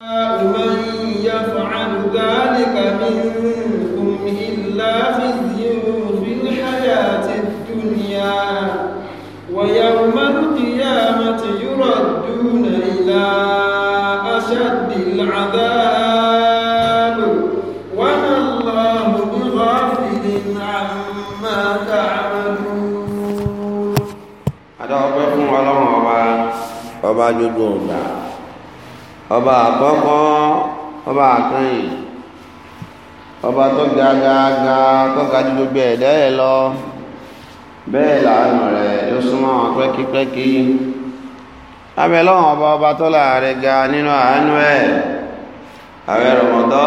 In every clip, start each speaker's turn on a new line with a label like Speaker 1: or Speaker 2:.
Speaker 1: من يفعل ذلك
Speaker 2: منكم إلا خزي في الحياة الدنيا ويوم القيامة يردون إلى أشد العذاب وما الله بغافل عما تعملون.
Speaker 1: أدعوكم الله أبا
Speaker 3: أبا جدودا ọba àkọ́kọ́ ọba àkànyìn ọba tó ga ga ga tó ga ju gbogbo ẹ̀dá ẹ̀ lọ bẹ́ẹ̀ làánù rẹ̀ ló súnmọ́ wọn pẹ́kípẹ́kí abẹ lọ́wọ́n ọba ọba tó láàrin ga nínú àánú ẹ̀ ààrẹ rọmọdọ́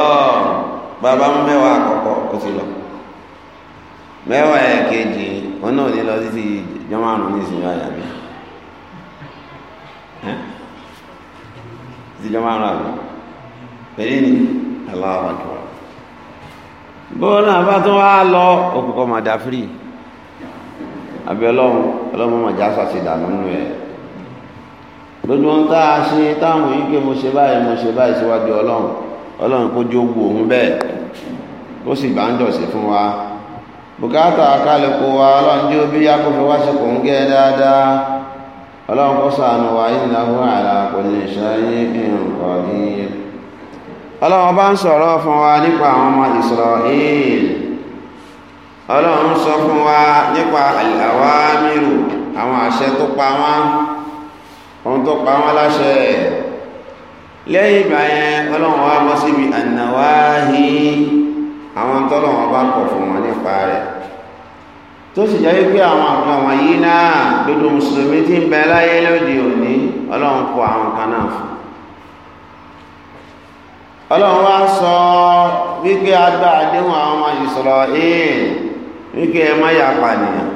Speaker 3: bàbá mú mẹ́wàá àkọ́kọ́ kó ti lọ mẹ́wàá ẹ̀ kejì òun náà ní lọ títí jọmọ́ àrùn ní ìsinmi àyàbí ìjọ máa ń ra àgbà pẹ̀lú ní aláwàjọ bóòlù àbá tó wá lọ òkùnkọ́ máa dá fírì àbí ọlọ́run ọlọ́run máa já sàṣì dànù nù ẹ̀ lójú ohun tá a ṣe táwọn yìí pé mo ṣe báyìí mo ṣe báyìí síwájú ọlọ́run ọlọ́run kó jó wu òun bẹ́ẹ̀ kó sì bá ń jọ̀sí fún wa bùkátà kálukú wa ọlọ́run jó bí yá kó fi wá sí kò ń gẹ́ dáadáa ọlọ́run kó sànù wa innahu ala kulli shay'in qadir ọlọ́run bá ń sọ̀rọ̀ fún wa nípa àwọn ọmọ Israel ọlọ́run sọ fún wa nípa al-awamiru àwọn àṣẹ tó pa wọ́n ohun tó pa wọ́n láṣẹ lẹ́yìn ìgbà ọlọ́run wa mọ́ tó sì jẹ́ wípé àwọn àgbà wọ̀nyí náà gbogbo mùsùlùmí tí ń bẹ láyé lóde òní ọlọ́run kọ àwọn kan náà fún ọlọ́run wá sọ wípé agbá àdéhùn àwọn ọmọ wípé ẹ má yà pànìyàn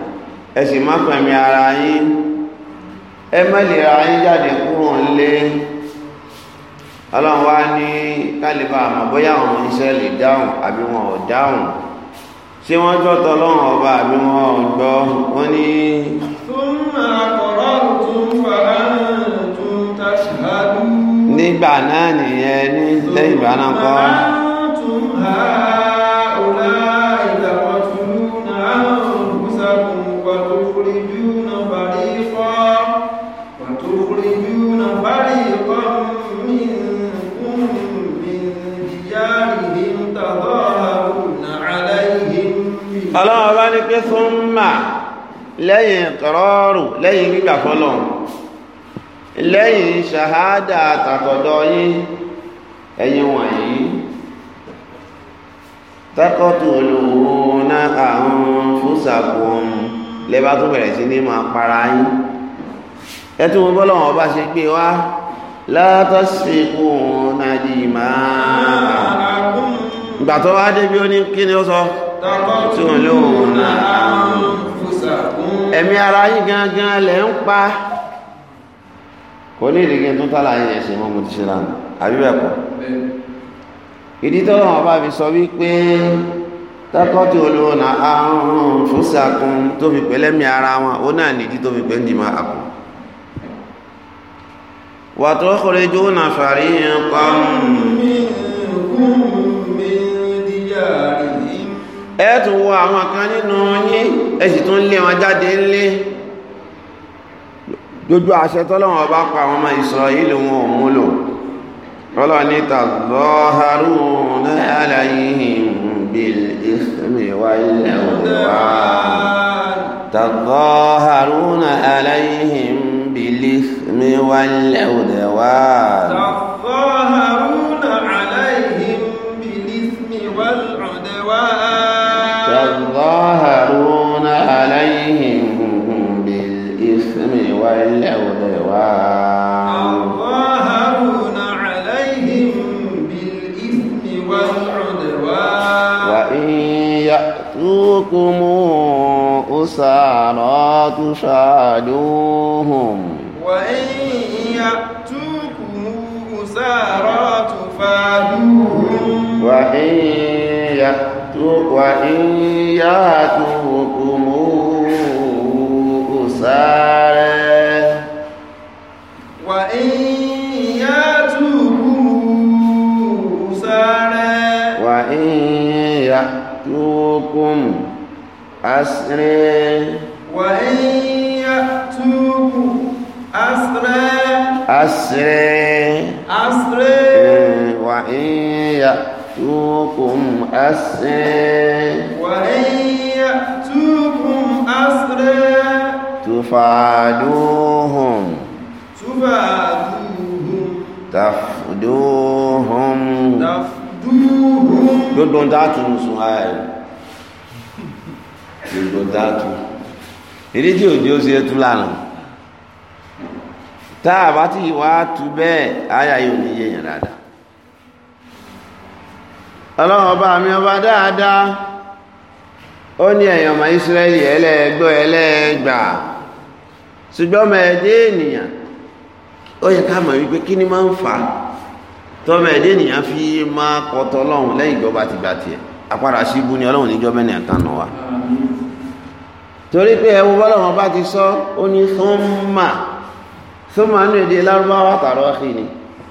Speaker 3: ẹ sì má pẹ̀mí ara yín ẹ má lè ra yín jáde kúrò nílé ọlọ́run wá ní kálíbà àmọ́ bóyá àwọn ṣé wọ́n gbọ́ tọ́lọ́run ọba àbí wọn gbọ́ wọ́n ní. nígbà náà nìyẹn ní lẹ́yìn náà kọ́. ọlọ́run bá ní pé fún mà lẹ́yìn kọ́rọ́rù lẹ́yìn gbígbà fọ́lọ̀ lẹ́yìn ṣàhádà àtàkọ̀dọ̀ yín ẹ̀yin wọ̀nyí tákọ́tù olùwò náà àwọn fúsàkùn lẹ́bà tó bẹ̀rẹ̀ sí ní máa para yín bá ṣe pé wá látọ́síkù nàdìmá ìgbà tó wá débi ó ní kí ni ó sọ taqtuluna anfusakum ẹ̀mí ara yín gangan lẹ̀ ń pa kò ní ìdíkì tó tálà yín yẹn ṣe mọ́ mo ti ṣe lánàá àbí bẹ́ẹ̀ kọ́ ìdí tó lọ́wọ́ bá fi sọ wípé taqtuluna anfusakum tó fi pẹ́ lẹ́mí ara wọn ó náà nìdí tó fi pẹ́ ń dì máa àkùn وتخرجون فريقا منكم من ديارهم ẹ tún wọ àwọn kan nínú yín ẹ sì tún lé wọn jáde ńlé dojú àṣẹ tọ́lọ́wọ́n bá pa àwọn ọmọ Ísírẹ́lì wọn múlò ọlọ́ni tàbọ́harún aláyìn bíl-ìsmi أنصارا تشاهدوهم
Speaker 2: وإن يأتوكم أسارا
Speaker 3: تفادوهم وإن يأتوكم أسارا
Speaker 2: وإن يأتوكم أسارا
Speaker 3: وإن يأتوكم أسري
Speaker 2: وإن يأتوك أسري
Speaker 3: أسري أسري وإن يأتوكم أسري وإن
Speaker 2: يأتوكم أسري
Speaker 3: تفعلوهم
Speaker 2: تفعلوهم
Speaker 3: تفدوهم تفدوهم gbogbo ń dá tunu sùn ààrẹ ìgbòdáàtú erédìí òjò ó ṣe tú lánàá tá a bá ti wá tu bẹ́ẹ̀ àyà yóò ní yéèyàn ọba mi ọba dáadáa ó ní ẹ̀yin ọmọ ìsírẹ́lì ẹlẹ́ẹ̀gbọ́ ẹlẹ́ẹ̀gbà ṣùgbọ́n ọmọ ẹ̀dẹ́ ènìyàn ó yẹ ká mọ̀ wípé ni fi ma kọ́tọ́ ọlọ́run ni wa. torí pé ẹwọ bọ́lọ̀wọ́n bá ti sọ ó ní súnmà súnmà ní èdè lárúbáwá tààrọ sí ni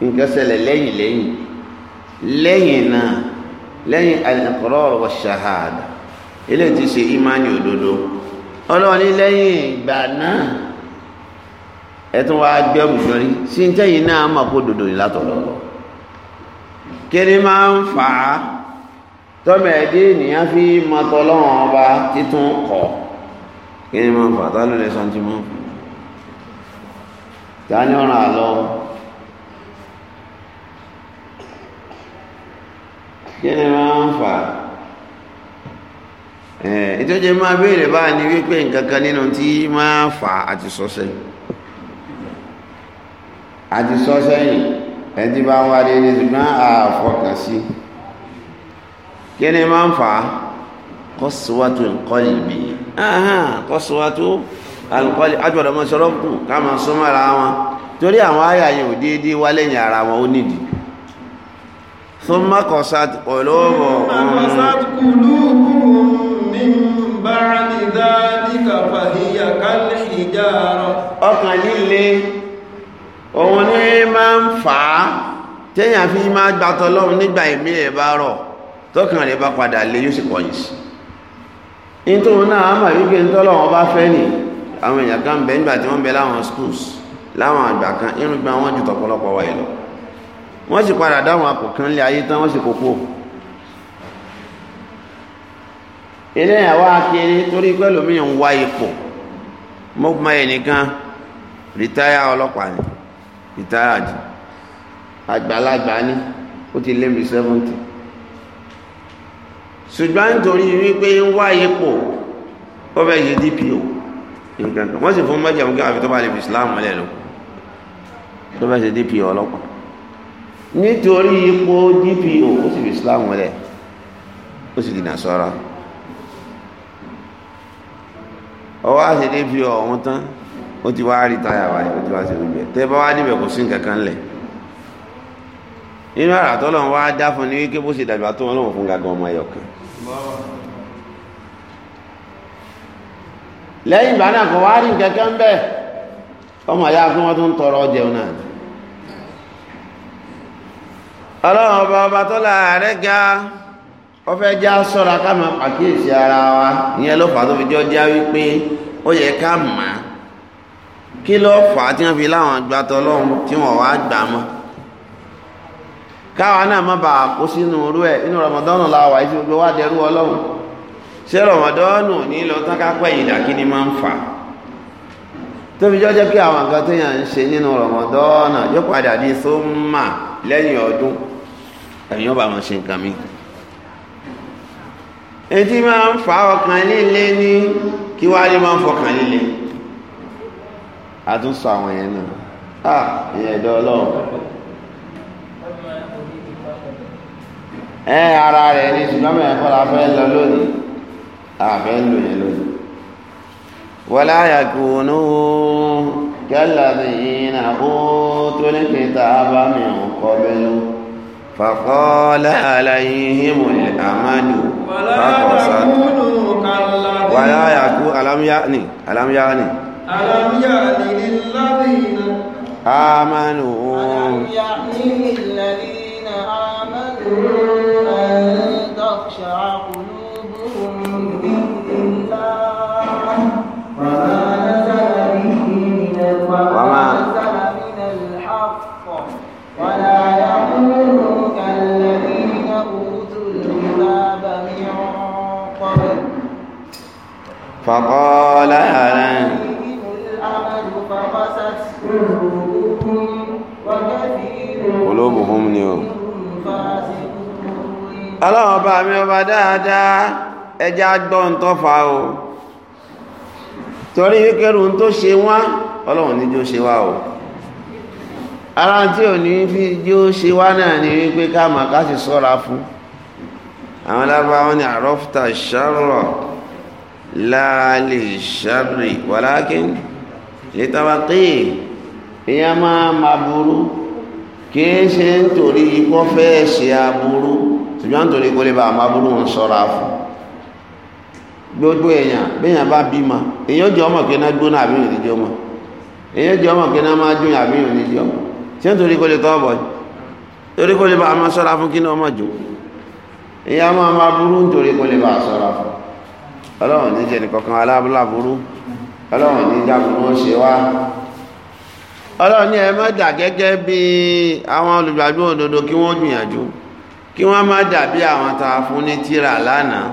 Speaker 3: nǹkan ṣẹlẹ̀ lẹ́yìn lẹ́yìn lẹ́yìn náà lẹ́yìn al-iqrar wa shahada ilé ti ṣe ìmánì òdodo ọlọ́run ní lẹ́yìn ìgbà náà ẹ̀tún wá gbẹ́rù sọrí sí tẹ́yìn náà mọ̀ kó dòdò ní látọ̀lọ́ kíni máa ń fà á tọ́mẹ̀ẹ́dé ènìyàn fi mọ́tọ́ lọ́wọ́n ọba títún kọ̀ọ̀ kí ni máa fà tá ló lè eh, tí máa fà tá ní ọ̀ràn àlọ́ kí ni máa wípé tí máa fà àti sọ àti sọ sẹ́yìn ẹtí bá ń wáyé ní ṣùgbọ́n àfọkàn sí kí ni nkọ fà kọ́sùwàtú alùpàlì àjọ̀dọ̀ mọ́ sọ́rọ́ kù ká máa súnmọ́ ara wọn torí àwọn àyà yẹn ò déédéé wá lẹ́yìn ara wọn ó nídìí tó má kọ̀ sáàtì pẹ̀lú ọ̀rọ̀ ọkàn líle
Speaker 2: òun ní
Speaker 3: máa ń gbàtọ́ lọ́run nígbà ìmí ẹ̀ bá rọ̀ tọkàn rẹ̀ bá padà lé yóò sì kọ̀yìn sí in tó a náà àmà wípé ń tọ́lọ̀ wọn bá fẹ́ nì àwọn èèyàn kan bẹ̀ nígbà tí wọ́n bẹ láwọn schools láwọn àgbà kan irun gbà wọ́n ju tọ̀pọ̀lọpọ̀ wa lọ wọ́n sì padà dáhùn apò kan lé ayé tán wọ́n sì kókó eléyàn wá torí ń wá ipò mo ẹnìkan ṣùgbọ́n nítorí wípé ń wá ipò ó fẹ́ ṣe dpo nǹkan kan wọ́n sì fún mọ́jà mú kí àfi tó bá lè fi islam mọ́lẹ̀ lọ tó fẹ́ ṣe dpo ọlọ́pàá nítorí ipò dpo ó sì fi islam mọ́lẹ̀ ó sì dìnà sọ́ra ọwọ́ àṣẹ dpo ọ̀hún tán ó ti wá rí táyà wáyé ó ti wá sí ojú tẹ́ bá wá níbẹ̀ kò sí nǹkan kan lẹ̀ nínú àràtọ́ lọ́n wá dá fún ní wípé bó ṣe dàgbà tó wọn lọ́wọ́ fún gàgán ọmọ ẹ̀yọ̀ lẹ́yìn ìgbà náà kò wá rí nkẹ́kẹ́ ń bẹ́ ọmọ ya fún wọn tó ń tọrọ jẹun náà ọlọ́run ọba ọba tó láàárẹ̀ ga ó fẹ́ já sọ́ra ká máa pàkíyèsí ara wa ìyẹn ló fà tó fi jọ já wípé ó yẹ ká kí ló fà tí wọ́n fi láwọn gbàtọ́ lọ́hùn tí wọ́n wá gbà káwa náà má bàa kó sínú orú ẹ̀ inú rọmọdọ́nù la wà tí gbogbo wa dẹrú ọlọ́run ṣé rọmọdọ́nù ní lọ tán ká pẹ́ ìdá kí ni máa ń fà á tóbi jọ jẹ́ pé àwọn nǹkan tó yàn ń ṣe nínú rọmọdọ́nà yóò padà di sọ́mà lẹ́yìn ọdún ẹ̀yìn ọba máa ṣe nǹkan mi. etí máa ń fa ọkàn líle ní kí wàá lè máa ń fọkàn líle. àtúnṣe àwọn yẹn náà ah ìyẹn ẹ̀dọ́ ọlọ́run. ẹ ara rẹ̀ ní ṣùgbọ́n mẹ́rin kọ́ la fẹ́ lọ lónìí àfẹ́ lò yẹn lónìí wọlá yàgòónú kẹlẹ́dì iná ó tó ní kìtà bá mi ò kọ́ bẹ́lú fàkọ́lá aláyíhìn mọ̀lẹ́ àmàlù fàkọ́sá
Speaker 2: wọlá yàgò
Speaker 3: alámúyáni alámúyáni
Speaker 2: alámúyáni lílá bìnnà
Speaker 3: àmàlù ó. فقال هلا قلوبهم نيوم ọlọ́run ọba mi ọba dáadáa ẹja gbọ́ ń tọ́fà o torí wíkẹ́rù tó ṣe wá ọlọ́run ní jó ṣe wá o ara tí ò ní fi jó ṣe wá náà ni wípé ká mà ká sì sọ́ra fún àwọn lábáwọn ni àrọ́fta ṣàrọ̀ la li sharri walakin li tabaqi ìyẹn máa ma burú kìí ṣe nítorí ṣe aburú ṣùgbọ́n nítorí kó lè gbogbo èèyàn béèyàn bá bímọ èèyàn jẹ́ ọmọ kí iná gbóná àbí òní ọmọ èèyàn ọmọ kí máa àbí òní ọmọ kó lè torí kó lè bá àmà sọ́ra fún kí ọmọ ọlọ́run ní jẹ́ nìkankan aláàbúláburú ọlọ́run ní jábùrú ṣe wá ọlọ́run ní ẹ má dà gẹ́gẹ́ bí àwọn olùgbàgbọ́ òdodo kí wọ́n gbìyànjú kí wọ́n má dà bí àwọn tá a fún ní tírà lánàá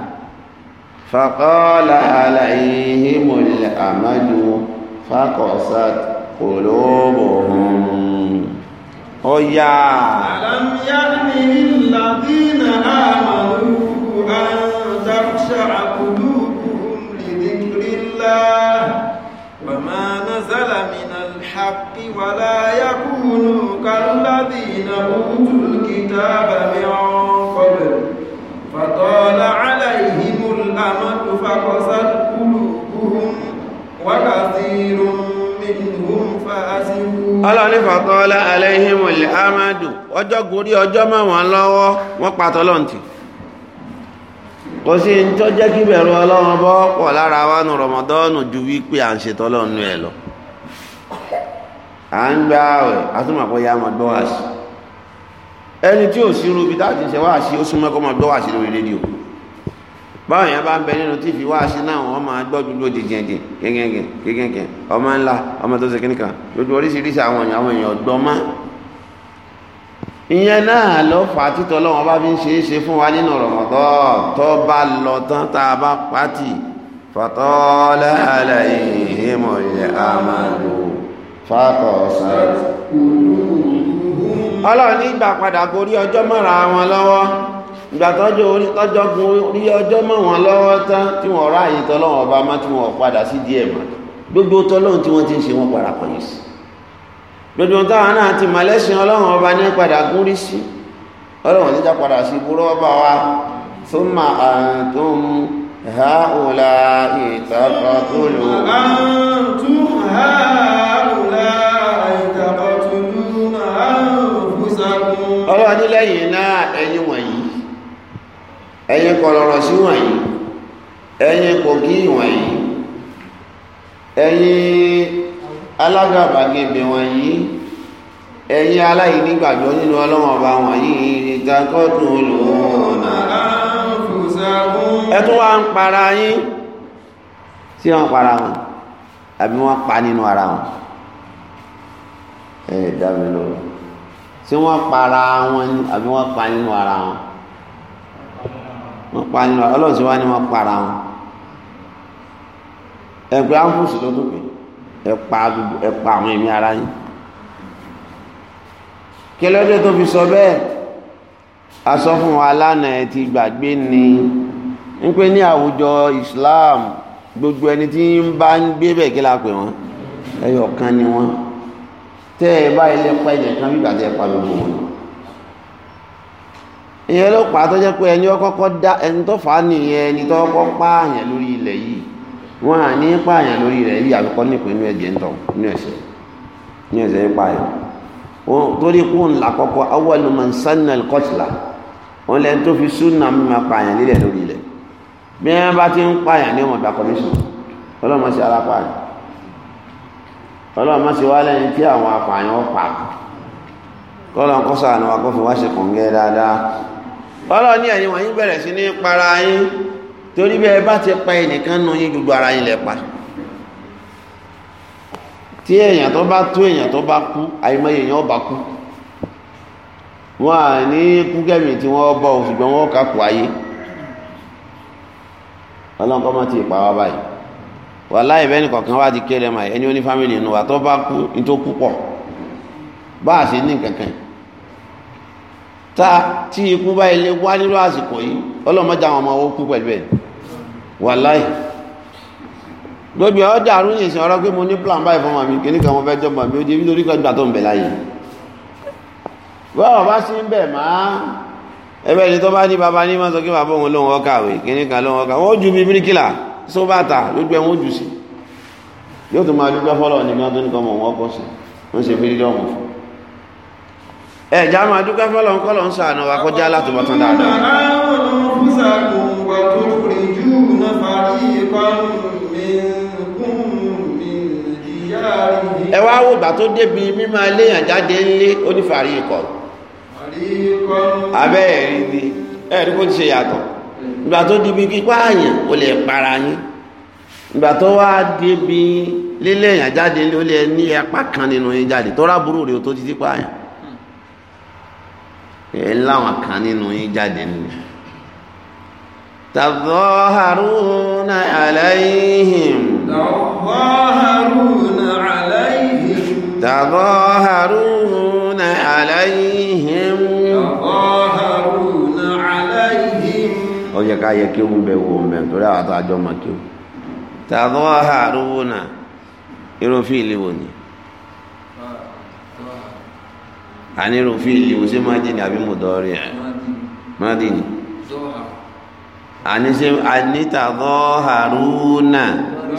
Speaker 3: faqala alayhimul amadu faqasat qulubuhum ọ̀yà alam
Speaker 2: الله وما نزل من الحق ولا يكونوا كالذين أوتوا الكتاب من قبل فطال عليهم الأمد فقست قلوبهم وكثير منهم فاسقون
Speaker 3: ọlọ́ni فطال عليهم الأمد ọjọ́ gorí ọjọ́ mọ́ wọn lọ́wọ́ wọ́n pàtọ́lọ́ntì kò sí ní tó jẹ́ kí bẹ̀rù ọlọ́run bọ́ pọ̀ lára wa nu rọmọdọ́ọ̀nù ju wípé à ń ẹ̀ lọ à ń gbá ya máa gbọ́ wá ẹni tí ò ti ṣe wá sí ó súnmọ́ kó máa gbọ́ wá sí lórí rédíò báwọn èèyàn bá ń bẹ nínú wá sí náà wọn máa gbọ́ dúdú ọmọ ńlá ọmọ tó ṣe lójú oríṣiríṣi àwọn èèyàn àwọn ìyẹn náà ló fà á títọ́ lọ́wọ́n bá fi ń ṣe é ṣe fún wa nínú rọ̀mọ̀tọ́ tó bá lọ tán tá a bá pàtì fàtọ́lá àlàyéhìmọ̀ ilẹ̀ àmàlò fàkọ̀ọ̀sà. ọlọ́run ní ìgbà padà gorí ọjọ́ mọ́ra wọn lọ́wọ́ ìgbà tọ́jọ́ tọ́jọ́ gun orí ọjọ́ mọ́ wọn lọ́wọ́ tán tí wọ́n ráàyè tọ́lọ́wọ́n ọba má tí wọ́n padà sí díẹ̀ mọ́ gbogbo tọ́lọ́run tí wọ́n ti ń ṣe wọ́n padà pẹ̀lú sí gbogbo táwọn náà ti mọ̀ ọlọ́run ọba ní padà gún rí sí ọlọ́run padà sí burú ọba wa tó ma haula ìtàkọ̀tòlù. antum
Speaker 2: haula
Speaker 3: ọlọ́run ní lẹ́yìn náà ẹ̀yin wọ̀nyí ẹ̀yin kọlọ̀rọ̀ sí wọ̀nyí alágàbàgebè wọ̀nyí ẹ̀yin aláìnígbàgbọ́ nínú ọlọ́wọ́n ọba wọ̀nyí ìtakọ́dùn olùwọ̀nà ẹ̀tún wá ń para yín tí wọ́n para wọn àbí wọ́n pa nínú ara wọn ẹ̀ dábì lóru tí wọ́n para wọn àbí wọ́n pa nínú ara wọn wọ́n pa nínú ara ọlọ́run tí wọ́n ní wọ́n para wọn ẹ̀gbẹ́ áńfùsì ló dùn pé ẹ̀pa ẹ̀pa àwọn ẹ̀mí ara yín kí lọ́jọ́ tó fi sọ bẹ́ẹ̀ a sọ fún wa lánàá ẹ ti gbàgbé ni ń pé ní àwùjọ Islam gbogbo ẹni tí ń bá ń gbé bẹ́ẹ̀ kí la pè wọ́n ẹyọ kan ni wọ́n tẹ́ ẹ bá ilé pa ẹ̀yẹ kan bí gbàtẹ́ pa gbogbo wọn ìyẹn ló pa tó jẹ́ pé ẹni tó kọ́kọ́ dá ẹni tó fà á nìyẹn ẹni tó kọ́kọ́ pààyàn lórí ilẹ̀ yìí wọn à ní pààyàn lórí rẹ̀ yí àbíkọ́ nípìn inú ẹ̀jẹ̀ ń inú ní ẹ̀sẹ̀ ń pààyàn wọn torí kú ńlá kọ́kọ́ awọ́lu man sanna al wọn tó fi súnà pààyàn lórí rẹ̀ bí wọn bá ti ń pààyàn ní sí sí tí àwọn apààyàn pa ṣe dáadáa torí bí ẹ bá ti pa ẹnìkan nù gbogbo ara pa tí tó bá tó tó bá kú àìmọye èèyàn ọba kú wọn à ní tí wọ́n ṣùgbọ́n wọ́n ayé mọ́ ti pa wá báyìí wà láì bẹ́ẹ̀ nìkan kan wá ti kéré mà ẹni ó fámìlì nù wà tó bá kú ní tó kú pọ̀ bá a ṣe ní kankan tá tí ikú bá ilé wá nílò àsìkò yìí ọlọ́mọdé àwọn ọmọ owó kú pẹ̀lú wàláì gbogbo ọjà àrùn yìí sìn ọ̀rọ̀ pé mo ní plan báyìí fún màmí kìíní kan mo fẹ́ jọba mi ó di nítorí kan gbà tó ń bẹ̀ láyé bọ́ọ̀ bá sí ń bẹ̀ máa ẹbẹ́ ni tó bá ní bàbá ní máa sọ kí bàbá òun lóun ọkàwé kìíní kan lóun ọkàwé wọ́n ju bí bíríkìlà só bàtà lójú ẹ̀wọ̀n jù sí yóò tún máa dúpẹ́ fọ́lọ̀ ní máa tó ní kọmọ wọn kọ́ sí wọ́n ṣe fírídọ́ọ̀mù fún ẹ wá gbà tó débi mímọ̀ léèyàn jáde ńlé onífàárí ikọ̀ abẹ́ ẹ̀rí ni ẹ̀rí kó ti ṣe yàtọ̀ ìgbà tó débi k'íkọ́ àyàn ó lè para yín ìgbà tó wá débi léèyàn jáde ńlé ó lè ní apá kan nínú yín jáde tó rábúrò rèé tó ti dípa àyàn ẹ̀ ńláwọn kan nínú yín jáde ńlé تظاهرون عليهم تظاهرون
Speaker 2: عليهم
Speaker 3: تظاهرون عليهم تظاهرون عليهم ó yẹ ká yẹ kí wọn bẹ wo mẹ torí àwọn tó àjọ máa kí wọn tظاهرون irun fi ìlú wò ni àní irun fi ìlú sí máa jìn ní àbí mọ̀dọ́rì ẹ̀ máa dì ní àní ṣe ànítàdọ́ haruna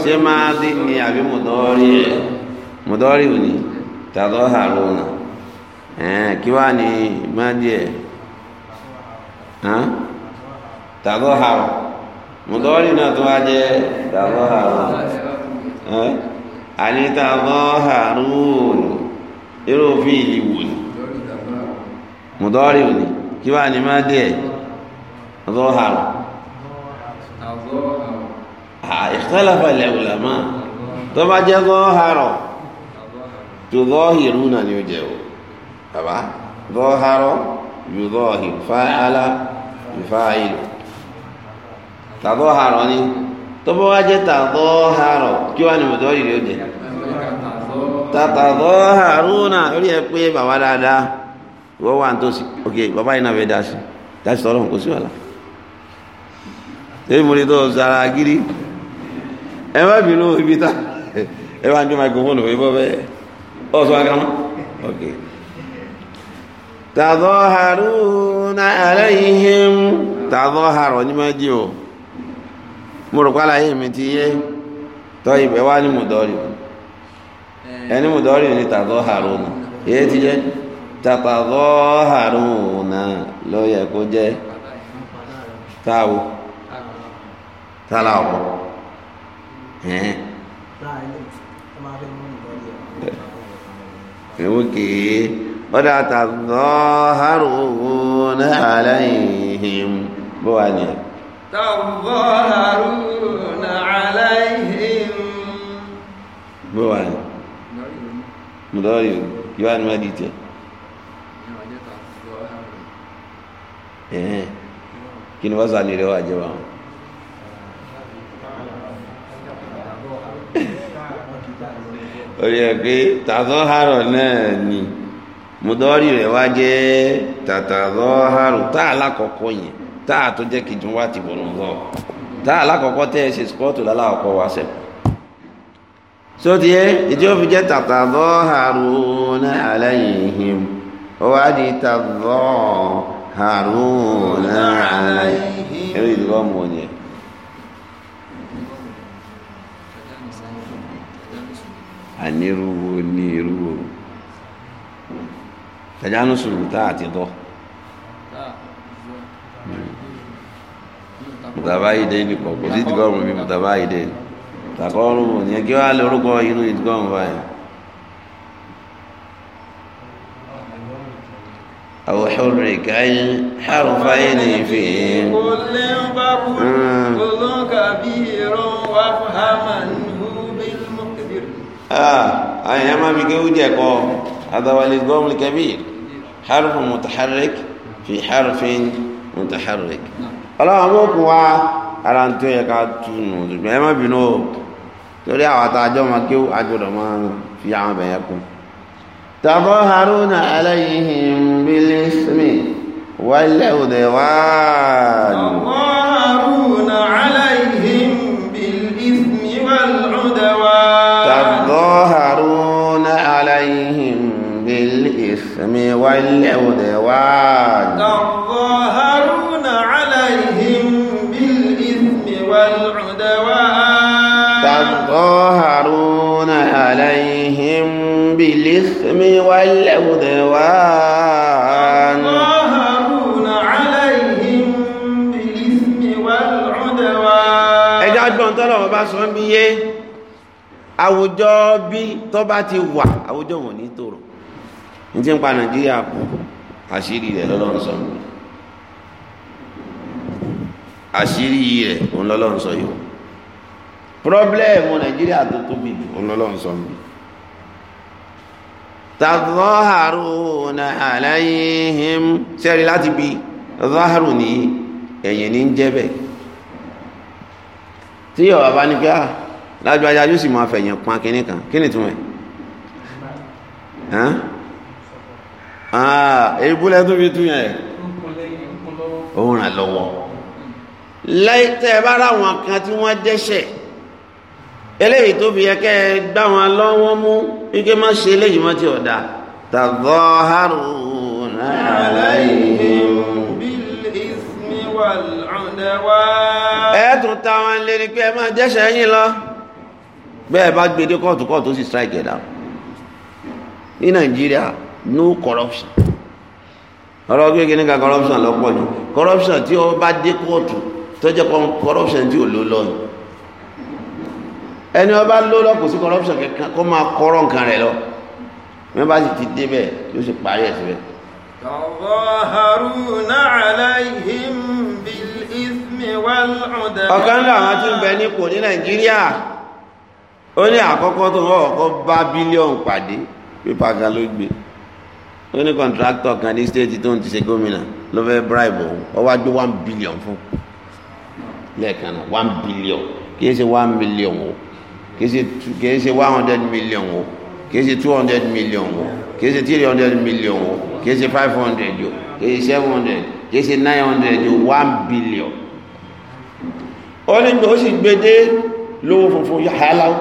Speaker 3: ṣe máa dé ní àbí mùdọ́rí ẹ̀ e. mùdọ́rí ò ní tàdọ́ haruna ẹ̀ẹ́n eh, kí wá ní mádì ẹ̀ e. tàdọ́ haru mùdọ́rí náà e, tó wá jẹ́ tàdọ́ haruna ànítàdọ́ eh? haruna irú òfin ìlú wò ní mùdọ́rí ò ní kí wá ní mádì ẹ̀ tàdọ́ haruna ikhtalafa al-ulama tó bá jẹ́ zọ́hárọ̀ tó zọ́hìrú náà ni ó jẹ́ o bàbá zọ́hárọ̀ yóò zọ́hìrú fáálà ìfáàìlú tàzọ́hárọ̀ ni tó bá wá jẹ́ tàzọ́hárọ̀ kí wá ní mọ̀tọ́ yìí ó jẹ́ tàtàzọ́hárú náà ó rí ẹ pé bàbá dáadáa wọ́n wà tó sí ok bàbá yìí náà fẹ́ dá sí dá sí tọ́lọ́hùn kò sí wàhálà èyí mo rí tó sara gírí ẹ má bínú ibi tá ẹ bá ń jó microphone bọ́ bẹ́ẹ̀ sọ ok. tàdọ́harúnà na-alaghị ihe m o mo rò pálá yìí mi ti yé tọ́ ibẹ̀ wá ní mùdọ́rì ẹni mùdọ́rì ní tàdọ́harúnà èyí ti yé kó jẹ́ táwo tálà òkè ọ̀dà tàgọ́ harun aláìhìm bó wà ní.
Speaker 2: tàgọ́ harun aláìhìm bó wà ní.
Speaker 3: mudọ́rì yóò wá ní má dìtẹ̀. Eh. kí ni wọ́n sọ àlè rẹ̀ wà jẹ́ báwọn. orí ẹ̀ pé tàzọ́hárọ̀ náà ni mùdọ́rì rẹ̀ wá jẹ́ tàtàzọ́hárọ̀ tá alákọ̀ọ́kọ́ yẹn tá a tó jẹ́ kejì wá ti bọ̀rọ̀ lọ tá alákọ̀ọ́kọ́ tẹ́ ẹ ṣe spọ́ọ̀tù lálákọ̀ọ́ wá sẹ́kù so ti yẹ ìdí ó fi jẹ́ tàtàzọ́hárọ̀nà aláyhim ó wá di tàtàzọ́hárọ̀nà aláyhim ẹ̀rí ìdíwọ́ mọ̀ yẹn. ànírúwo ní irúwo tẹjánu sùúrù tá àti tọ́ mùtàbáyídé nìkan kò sí ìdígọ́mù bí mùtàbáyídé tàkọ́rùbù ní kí wá lè orúkọ inú ìdígọ́mù báyìí أو حرك الحرفين فيه
Speaker 2: كل كبير وافهم
Speaker 3: àyàn máa fi kéwú jẹ kọ àtàwálé gọ́ọ̀mù kabir harfu mutaharrik fi harfin mutaharrik ọlọ́wọ́n mú kún wa ara ń tó yẹ ká túnú ṣùgbọ́n ẹ má bínú o torí àwọn àtàjọ́ máa kéwú àjọ̀dọ̀ máa fi àwọn bẹ̀yẹn kún. تظهرون عليهم بالاسم والعدوان
Speaker 2: تظهرون عليهم
Speaker 3: والعدوان
Speaker 2: تظاهرون عليهم بالإثم
Speaker 3: والعدوان تظاهرون عليهم بالإثم والعدوان تظاهرون عليهم بالإثم والعدوان ẹjọ́ gbọ́n tọ́lọ̀ ọba sọ ń bí yé àwùjọ bí tó bá ti wà àwùjọ wọn ní tòrò ní tí ń pa nàìjíríà kù àṣírí rẹ̀ lọ́lọ́run sọ àṣírí rẹ̀ òun lọ́lọ́run sọ yìí pírọ́blẹ́ẹ̀mù nàìjíríà tó tóbi jù òun lọ́lọ́run sọ yìí tàzọ́hàrúnà àláyéhìm sẹ́rí láti bí záhàrù ní ẹ̀yìn ní jẹ́bẹ̀ tí yọ̀ bàbá ní pé ah, lájú ajá yóò sì máa fẹ̀yìn pa kíní kan kíní tún ẹ̀ Ah, ebúlẹ̀ tó fi tún yẹn òun ràn lọ́wọ́ lẹ́tẹ̀ bá ráwọn kan tí wọ́n dẹ́ṣẹ̀ eléyìí tó fi yẹ kẹ́ ẹ gbá wọn lọ́wọ́ mú wíkẹ́ má ṣe eléyìí mọ́ ti ọ̀dà tàbọ̀ harun aláìhìn ẹ tún ta wọn lé ní pé ẹ máa dẹ́ṣẹ̀ yín lọ bẹ́ẹ̀ bá gbé dé kóòtù kóòtù strike ẹ̀ dá ní no corruption ọ̀rọ̀ pé kí ní ka corruption lọ́pọ̀ jù corruption tí ó bá dé kóòtù tó jẹ́ corruption tí ò ló lọ́yìn ẹni ọba ló lọ kò sí corruption kankan kó máa kọ́rọ̀ nǹkan rẹ̀ lọ wọ́n bá sì ti débẹ̀ yóò sì parí ẹ̀ síbẹ̀.
Speaker 2: tọ̀wọ́haruna aláìhìm bil ismi wal ọ̀dà. ọ̀kan ńlá àwọn tí ń bẹ nípò ní nàìjíríà
Speaker 3: ó ní àkọ́kọ́ tó wọ́n kọ́ bá bílíọ̀nù pàdé pépà kan ló gbé ó ní kọ̀ǹtráktọ̀ kan ní stéètì tó ń ti ṣe gómìnà ló fẹ́ bribe òun wá gbé one billion fún lẹ́ẹ̀kan náà one billion kì í ṣe one million o kì í ṣe one hundred million o kì í ṣe two hundred million o kì í ṣe three hundred million o kì í ṣe five hundred o kì í ṣe seven hundred kì í ṣe nine hundred o one billion ó ní ó sì gbé dé lówó funfun yàrá láwọn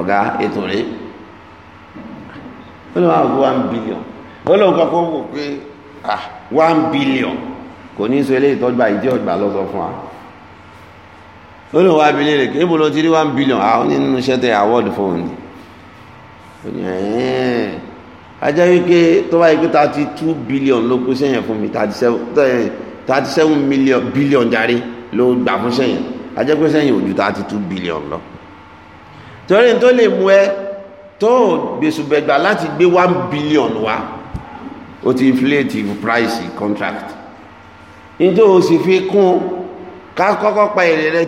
Speaker 3: ọ̀gá ètò rèé ó lè one billion ó lóun kọ́kọ́ ah one billion kò ní sọ eléyìí tọ́jú àyè tí ọ̀gbà fún wa ó lóun wá bilé rè ló ti rí one billion àwọn ah, nínú iṣẹ́ tẹ award fún òun ni ajá wípé tó bá yẹ pé two billion ló kó sẹ́yìn fún mi thirty seven eh, million billion jari ló gbà fún sẹ́yìn ajá pé sẹ́yìn ò ju two billion lọ torí n tó lè mú ẹ tó gbèsùbẹ̀gbà láti gbé one billion wá ó ti inflate price contract nítorí o sì fi kún ká kọ́kọ́ pa èrè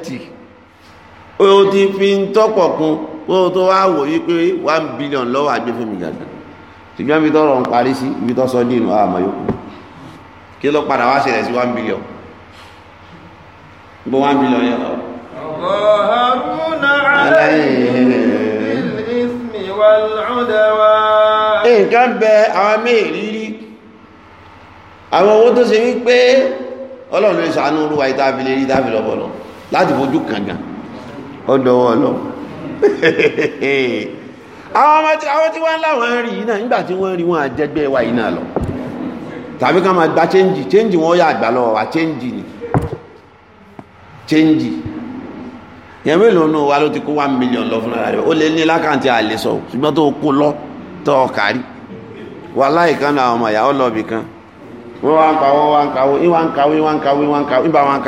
Speaker 3: o ti fi ń tọ́pọ̀ kún kó o tó wá wò yí pé one billion lọ́wọ́ àgbẹ̀fẹ́mi gàdá ṣùgbọ́n mi tọ́rọ̀ ń parí sí ibi tọ́ sọ dínú àmọ́ yòókù kí ló padà wá ṣẹlẹ̀ sí one billion gbọ́ one billion yẹn lọ.
Speaker 2: nǹkan
Speaker 3: bẹ àwọn méèrí owó tó ṣe wípé ọlọ́run lè ṣàánú olúwa ìtàbílẹ̀ rí ìtàbí lọ́bọ̀lọ́ láti fojú kàngàn ọdọ̀wọ́ ọlọ́ àwọn ọmọ tí wọ́n láwọn rí iná nígbà tí wọ́n rí wa iná lọ tàbí ká gba change change wọ́n yà lọ́wọ́ ni yẹn mélòó wa ló ti kó one million lọ fúnra rẹ̀ ó lé ní lákàntì àlè sọ ṣùgbọ́n tó kó lọ tọ́ kari. kárí wàláì kan náà ọmọ ìyàwó kan wọ́n wá ń kawó wá ń kawó ìwà ń kawó ìwà ń kawó ìwà ń kawó ìbá wá ń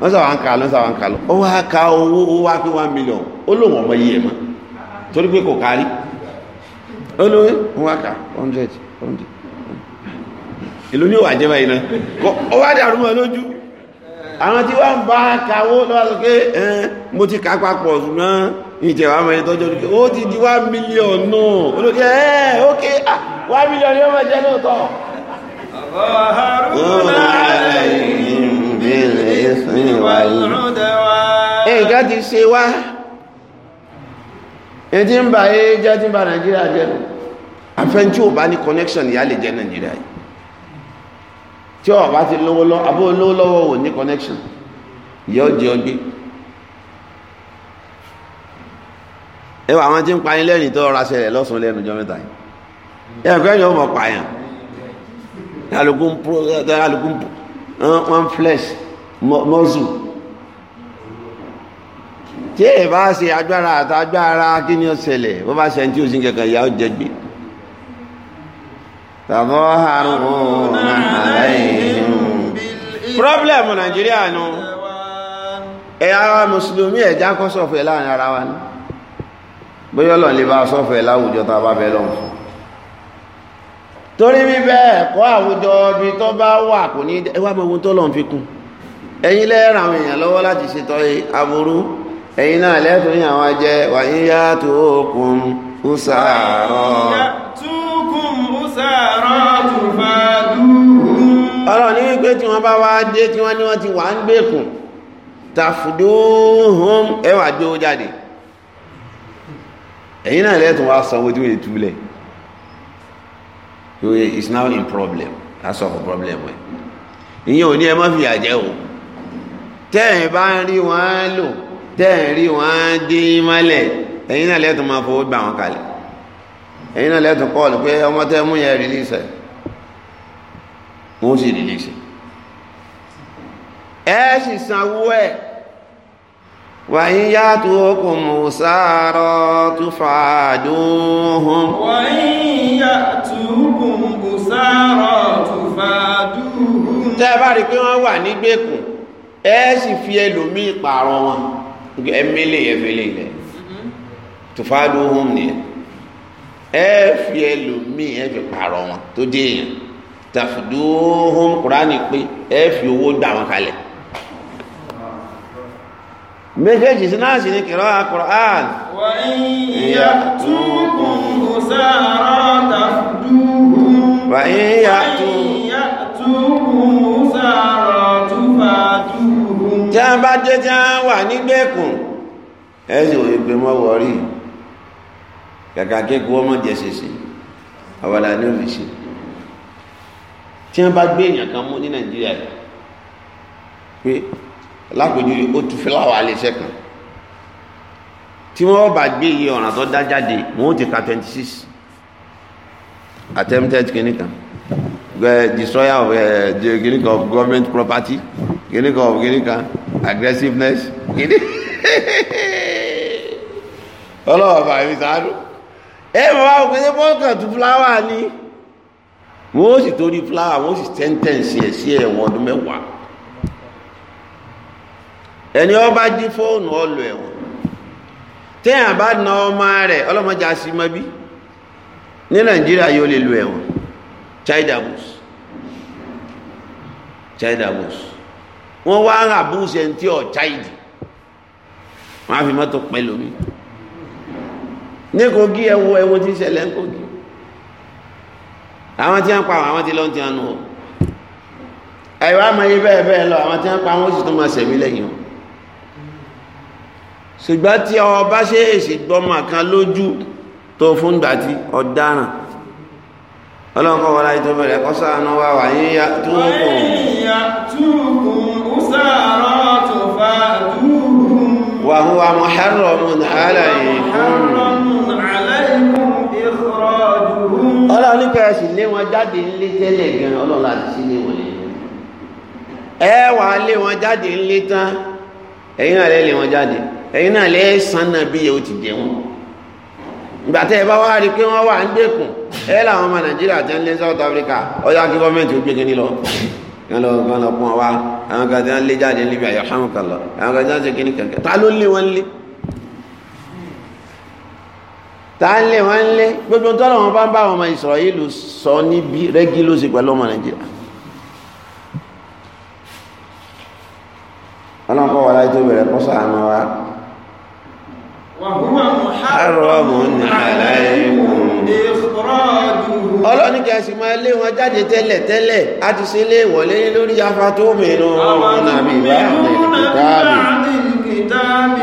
Speaker 3: wọ́n sọ wá ń sọ wá ń ó wá ka owó ó wá pé one million ó lóun ọmọ yìí mọ́ àwọn tí wọ́n bá kàwó lọ́wọ́ pé ẹn mo ti kà papọ̀ ṣùgbọ́n ìjẹ̀wà mọ̀ ẹni tọ́jọ́ ó ti di one million náà olóòjẹ́ ẹ̀ ókè ah, one million yóò máa jẹ́ lóòótọ́. nǹkan ti ṣe wá ẹni tí ń bà ẹ́ jẹ́ tí ń bà Nàìjíríà jẹ́ àfẹ́ntí ò bá ní connection ìyá lè jẹ́ Nàìjíríà yìí tí ọba ti lówó lọ abó lówó lọ́wọ́ ò ní connection yóò jẹ ọgbẹ́ ẹ wà àwọn tí ń pa yín lẹ́rìn tó ra ṣẹlẹ̀ lọ́sùn lẹ́nu jọ mẹ́ta yìí ẹ fẹ́ yóò mọ̀ pààyàn alùpùpù alùpùpù one flesh mọ́sù tí èyí bá ṣe agbára àtàgbára kí ni ó ṣẹlẹ̀ bó bá ṣe ní tí ó sì ń kẹ̀kẹ́ ìyá ó تظاهرون عليهم problem Nàìjíríà nu ẹ ara mùsùlùmí ẹ já kọ́ sọ̀fẹ̀ láàrin ara wa lè bá sọ̀fẹ̀ láwùjọ tá bá bẹ lọ́hùn fún torí ẹ̀kọ́ àwùjọ ọbí tó bá wà kò ní ẹ tó lọ́n fi kún èèyàn lọ́wọ́ ọ̀rọ̀ ní wípé tí wọ́n bá wá dé tí wọ́n ní wọ́n ti wà ń gbèkùn tàfùdóhùn ẹwà gbé ó jáde ẹ̀yìn náà lẹ́tùn wá sanwó tí ó yẹ túlẹ̀ now in problem that's of a problem ẹ̀ ìyẹn ò ní ẹ má fi àjẹ́ o tẹ́ẹ̀ bá ń rí wọn lò tẹ́ẹ̀ rí wọn dín mọ́lẹ̀ ẹ̀yìn náà lẹ́tùn máa fowó gbà wọn kalẹ̀ ẹ̀yin náà lẹ́tùn kọ́ọ̀lù pé ọmọ tẹ́ mú yẹn rìlíìsẹ̀ wọ́n sì rìlíìsẹ̀ ẹ sì sanwó ẹ̀ wàyí yàtò okùn mùsàárọ̀ tó fàádùn
Speaker 2: wàyí yàtò okùn mùsàárọ̀
Speaker 3: tó fàádùn tẹ́ bá rí pé wọ́n wà nígbèkùn ẹ sì fi ẹlòmíì pààrọ̀ wọn ẹmílẹ̀ ẹfẹ́lẹ̀ ilẹ̀ tó fàádùn nìyẹn e fi ẹlòmíì e fi pààrọ̀ wọn tó dé èèyàn tàfidúhùn kúránì pé fi owó gbà wọn kalẹ̀ méjèèjì sí náà sì ní kìrọ akùrán. wà á
Speaker 2: túkùn hùsàrà tàfidúhùn. wà túkùn hùsàrà tùfàdúhùn.
Speaker 3: tí a bá jẹ́ tí a wà nígbèkùn pé kàkà kéku ọmọ jẹ ṣèṣe àwàdà ni ó fi ṣe tí wọn bá gbé èèyàn kan mú ní nàìjíríà yìí pé lápèjúwe ó tu fúláwà iléeṣẹ kan tí wọn bá gbé iye ọ̀ràn tó dá jáde wọn ó ti ka twenty six attempted kìnnì kan destroyer of eh, kìnnì kan of government property kìnnì kan of kìnnì kan aggressiveness kìnnì ọlọ́wọ́ bàbá mi sàánú ẹ mọ̀ wá òkè fọ́ọ̀kàn tún fúláwà ni wọ́n ó sì torí fúláwà wọ́n ó sì sẹ́ńtẹ̀ǹsì ẹ̀ sí ẹ̀wọ̀n ọdún mẹ́wàá ẹni ọba jí fóònù ọlù ẹ̀wọ̀n téèyàn bá na ọmọ rẹ̀ ọlọ́mọdé asimọ́bí ní nàìjíríà yóò lè lu ẹ̀wọ̀n china bus china bus wọ́n wá ń àbúṣe ẹni tí ọ̀ china wọ́n á fi mọ́tò pẹ́ lómi ní Kogi ẹwọ ẹwọ tí ń ń Kogi àwọn tí wọ́n pa àwọn tí lọ́n ti hàn nù ọ́ ẹ̀wọ́ amáyé bẹ́ẹ̀ lọ àwọn tí wọ́n pa wọ́n sì tún máa ṣẹ̀mí lẹ́yìn o ṣùgbọ́n tí ọba ṣe èsì gbọ́mọ kan lójú tó fún gbà tí ọ̀daràn ọlọ́nkọ́ wọlé ayé tó bẹ̀rẹ̀ kọ́ sáànù wa wà yín ya tó kù. wáyà tó
Speaker 2: kù ó sàárọ̀ tó fa
Speaker 3: ọlọ́run ní kẹ́ẹ̀sì lé wọn jáde ńlé tẹ́lẹ̀ gan ọlọ́run láti sí lé wọn ẹ wà lé wọn jáde ńlé tán ẹ̀yin náà lé wọn jáde ẹ̀yin náà bí o ti dé wọn ìgbà tẹ́ ẹ bá wá rí i pé wọ́n wà ń gbẹ̀kùn ẹ làwọn ọmọ nàìjíríà ń lọ tá ń lé wọn ń lé gbogbo tọ́lọ̀ wọn bá ń bá àwọn ọmọ Ísírẹ́lì sọ níbi rẹ́gí ló sì pẹ̀lú ọmọ Nàìjíríà ọlọ́nkọ́ wà láì tó bẹ̀rẹ̀ kọ́ sàánú wa ọlọ́ni kẹsì máa lé wọn jáde tẹ́lẹ̀ tẹ́lẹ̀ a ti sí ilé ìwọ̀lé lórí afa tó mìíràn ọmọ nàbí bá àmì
Speaker 2: ìkìtàbí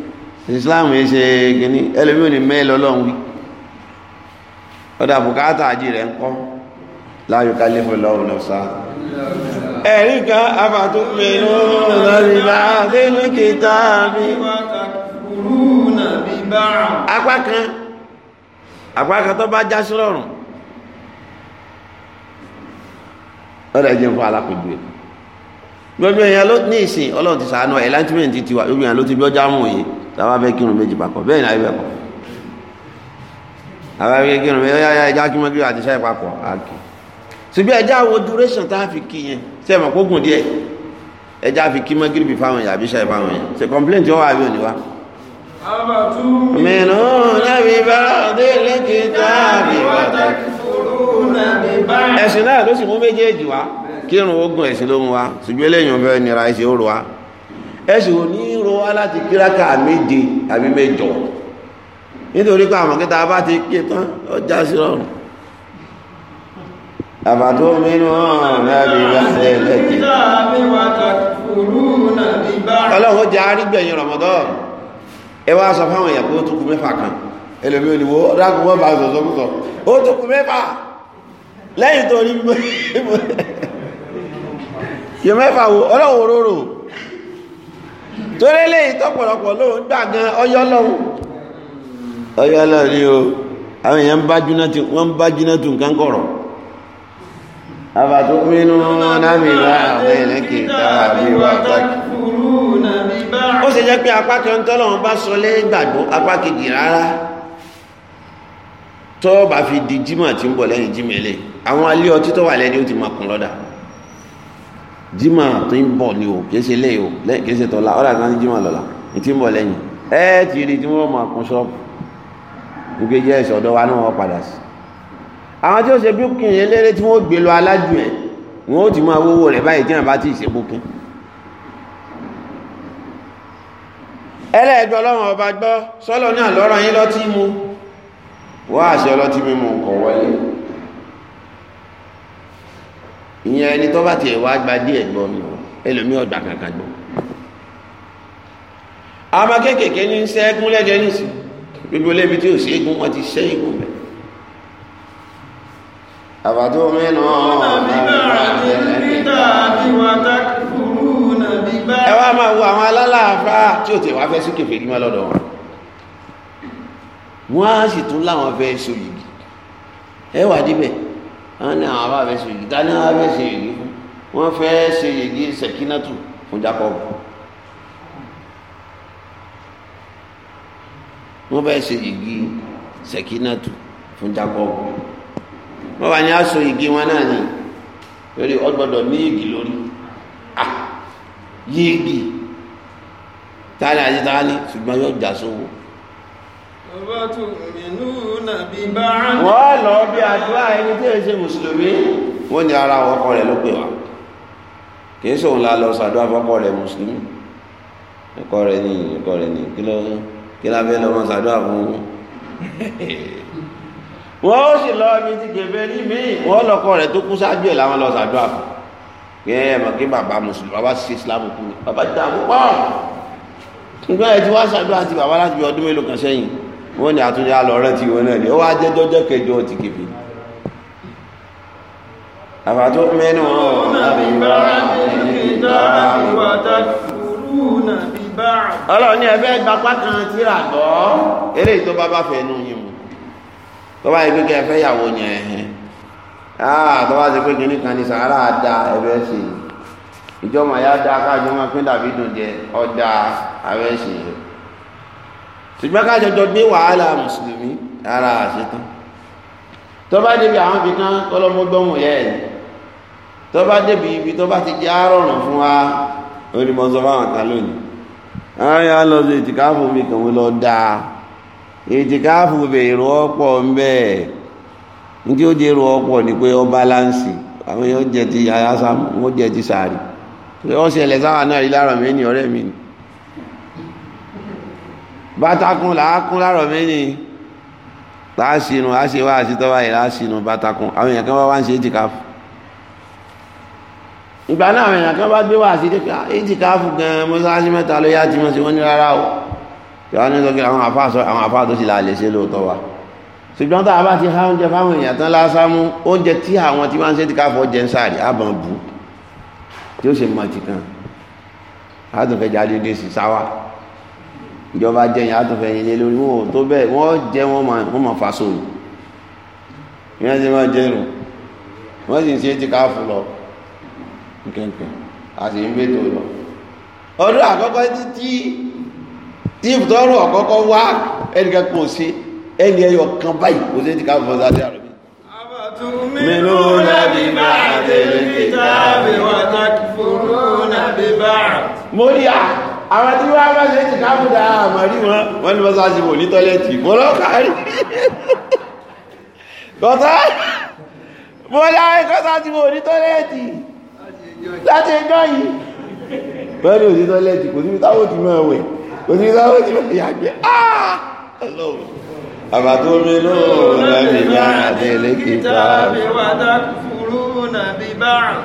Speaker 3: islam yìí ṣe kìíní ẹlòmíì ní mẹ́ẹ̀lì ọlọ́run wí ọ̀dà bùkátà àjí rẹ̀ ń kọ́ láyò ká lè fún lọ́rùn lọ sáà ẹ̀rí kan afàtó mẹ́rin lọ́rí bá nínú kìtà bí apá kan apá kan tó bá já sí lọ́rùn ọ̀dà jẹ́ fún alákòjú gbogbo èèyàn ló ní ìsìn ọlọ́run ti sàánú ẹ̀ láńtímẹ̀ntì tiwa gbogbo èèyàn ló ti bí ọjà mú yìí táwa fẹ́ kírun méjì papọ̀ bẹ́ẹ̀ ni ayé bẹ́ẹ̀ kọ́ àwọn fẹ́ kírun méjì yáyá ẹja kí mọ́gírì àti ṣáì papọ̀ àkè ṣùgbọ́n ẹja wo duration tá a fi kí yẹn ṣe mọ̀ kó gùn díẹ̀ ẹja fi kí mọ́gírì bí fáwọn yàrá bí ṣáì fáwọn yẹn ṣe complaint yóò wà bí òní wa. mẹ́nu nàbí bá délé kíta bí ẹ̀sìn náà ló sì mú méjèèjì wá kírun ogun ẹ̀sìn ló mú wa ṣùgbọ́n ẹ̀sùn onírò aláti kíráka méje àbí mẹ́jọ nítorí pé àwọn kẹta bá ti ké tán ó já sí rọrùn àbàtò mìíràn lábí láti ẹlẹ́kì ọlọ́run jẹ́ arígbẹ̀yìn rọ̀mọ́dọ́ ẹ wá sọ fáwọn èèyàn pé ó tukù mẹ́fà kan ẹlẹ́mí òníwó rákùn wọ́n bá sọ̀sọ́ púpọ̀ ó tukù mẹ́fà lẹ́yìn tó rí mẹ́fà wo ọlọ́run oróró torí léyìí tọ́pọ̀lọpọ̀ ló ń gbà gan ọyọ́ lọ́wọ́ ọyọ́ lọ́wọ́ ni o àwọn èèyàn bá júná tí wọ́n bá júná tún nǹkan kọ̀rọ̀ àbàtú mínú námìlá àwọn ẹ̀lẹ́kì tàbí wà tàkì ó sì jẹ́ pé apá kan tọ́lọ́run bá sọ lé gbàgbọ́ apá kejì rárá tó bá fi di jímọ̀ tí ń bọ̀ lẹ́yìn jímẹ̀lẹ̀ àwọn alé ọtí tó wà lẹ́ni ó ti mọ̀kùn lọ́dà jimá tó ń bọ̀ ni o kìí ṣe lẹ́yìn o kìí ṣe tọ́lá ọ̀rọ̀ àti jimá lọ́la ìtì ń bọ̀ lẹ́yìn ẹ ti rí tí wọ́n máa kún ṣọ́ọ̀bù nígbè jẹ́ ẹ̀ṣọ́ ọ̀dọ́ wa náà wọ́n padà sí. àwọn tí ó ṣe búkìn eléré tí wọ́n gbé lọ alájú ẹ̀ wọ́n ó ti máa wówó rẹ̀ báyìí tí wọ́n bá ti ṣe búkìn. ẹlẹ́ẹ̀dọ́ ọlọ́run ọba gbọ́ ìyẹn ẹni tó bá tiẹ̀ wá gba díẹ̀ gbọ́ mi o ẹlòmíì ọ̀gbà kankan gbọ́. àmọ́ kéékèèké ní sẹ́gun lẹ́jẹ̀ nìsí gbogbo lẹ́bi tí ò ségun wọn ti sẹ́ igun bẹ̀. àbàtò mẹ́nu ẹ wá máa wo àwọn alálàáfáà tí ò tẹ̀ wá fẹ́ sí kèfèrí mọ́ lọ́dọ̀ wọn wọ́n á sì tún láwọn fẹ́ so yìí ẹ wà níbẹ̀ wọn ní àwọn abáfẹ́ ṣe yìí dání wọn fẹ́ ṣe yìí fún wọn fẹ́ ṣe yìí ṣèkínàtù fún Jacob wọn fẹ́ ṣe yìí ṣèkínàtù fún Jacob wọn wà ní aṣọ yìí wọn náà ní lórí ọgbọ́dọ̀ ní yìí lórí ah yìí tani àti tani ṣùgbọ́n yóò jà sówó
Speaker 2: wọ́n lọ bí àdúrà ẹni
Speaker 3: tí èsè mùsùlùmí wọ́n ní ara àwọn ọkọ rẹ̀ ló pè wá kìí sóun la lọ sàdúrà fọ́kọ rẹ̀ mùsùlùmí ẹ̀kọ́ rẹ̀ ní ẹ̀kọ́ rẹ̀ ní kí ló kí ló fẹ́ lọ́mọ sàdúrà fún wọ́n ó sì lọ ibi tí kẹfẹ́ ní mí wọ́n lọ́kọ rẹ̀ tó kú sáájú ẹ̀ láwọn lọ sàdúrà fún kí ẹ mọ̀ kí bàbá mùsùlùmí bàbá sí islam kú ni bàbá ti dààmú pọ̀ nígbà yẹn tí wọ́n sàdúrà ti bàbá láti bí ọdún mélòó kan sẹ́yìn wọ́n ní àtúnyà lọ rántí wọn náà ni ó wá jẹ́jọ́jọ́ kẹjọ ti kébì àfàtó mẹ́nu ọlọ́ọ̀ni ẹ̀fẹ́ gbapá kan tíra gbọ́ eré tó bá bá fẹ́ nú yín mu tó bá yẹ pé kẹ́ fẹ́ yàwó yẹn ẹ̀hìn ah, bá ti pé kínní ṣùgbọ́n ká jọjọ gbé wàhálà mùsùlùmí ara àṣetán tó bá débi àwọn ibi kan kọlọmọgbọmù yẹ ẹ tó bá débi ibi tó bá ti jẹ àárọ̀rùn fún wa olùmọ̀sọ fáwọn lónìí àwọn yà lọ sí ìtìkáfù mi kàn lọ dáa ìtìkáfù bèrò ọ̀pọ̀ ń bẹ́ẹ̀ ní tí ó jẹ́ èrò ọ̀pọ̀ ni pé ó báláǹsì àwọn yóò jẹ ti ayásá wọ́n jẹ ti sàárì ó ṣẹlẹ̀ sáwọn náà ìlàrọ̀ mi ní ọ̀rẹ́ mi bátakùn làákùn lárọ̀ mẹ́ni láàṣínú láṣíwá àṣítọ́wà ìláṣínú bátakùn àwọn èèyàn kan wá ń ṣe ètìkáfù ìgbà náà àwọn èèyàn kan bá gbé wá sí ètìkáfù ah, gan mọ́sáàṣí mẹ́ta ló yá tí wọ́n sí wọ́n ní rárá o yàrá ní sọ pé àwọn àfáà tó sì láàlẹ̀ sí lóòótọ́ wa ṣùgbọ́n tá a bá ti há oúnjẹ fáwọn èèyàn tán lásámú oúnjẹ tí àwọn tí wọ́n ń ṣe ètìkáfù jẹ ń sáàrì àbọ̀n bù tí ó ṣe mọ̀ tìkan á jáde dé sí sáwà ìjọba jẹyìn àtúnfẹ́ yìí lé lórí wọn ò tó bẹ́ẹ̀ wọ́n jẹ́ wọ́n máa wọ́n máa faso ni ìyẹn ti máa jẹ́ nù wọ́n sì ń ṣe ti káfù lọ nkẹ́nkẹ́ a sì ń bètò lọ. ọdún àkọ́kọ́ títí tí ìfọ̀tọ́rọ̀ àkọ́kọ́ wá ẹnìkan kò ṣe ẹnì ẹyọ kan báyìí kò ṣe ti káfù lọ sáà dàrú. Minu nabi ba'd al-kitabi wa takfuruna bi ba'd. Mo ní à àwọn tí wọ́n bá ṣe ti káàkùdà àmàrí wọn wọ́n ni mọ́sá sí wò ní tọ́lẹ̀tì bọ́lọ́kàárí gọ́tá bọ́lá ẹ̀kọ́sá sí wò ní tọ́lẹ̀tì láti ẹjọ́ yìí pẹ̀lú òní tọ́lẹ̀tì kò níbi táwọn ti mọ́ ẹ̀wẹ̀ kò níbi táwọn ti mọ́ ìyàgbẹ́ àbàtò mi lóòrùn ẹ̀mí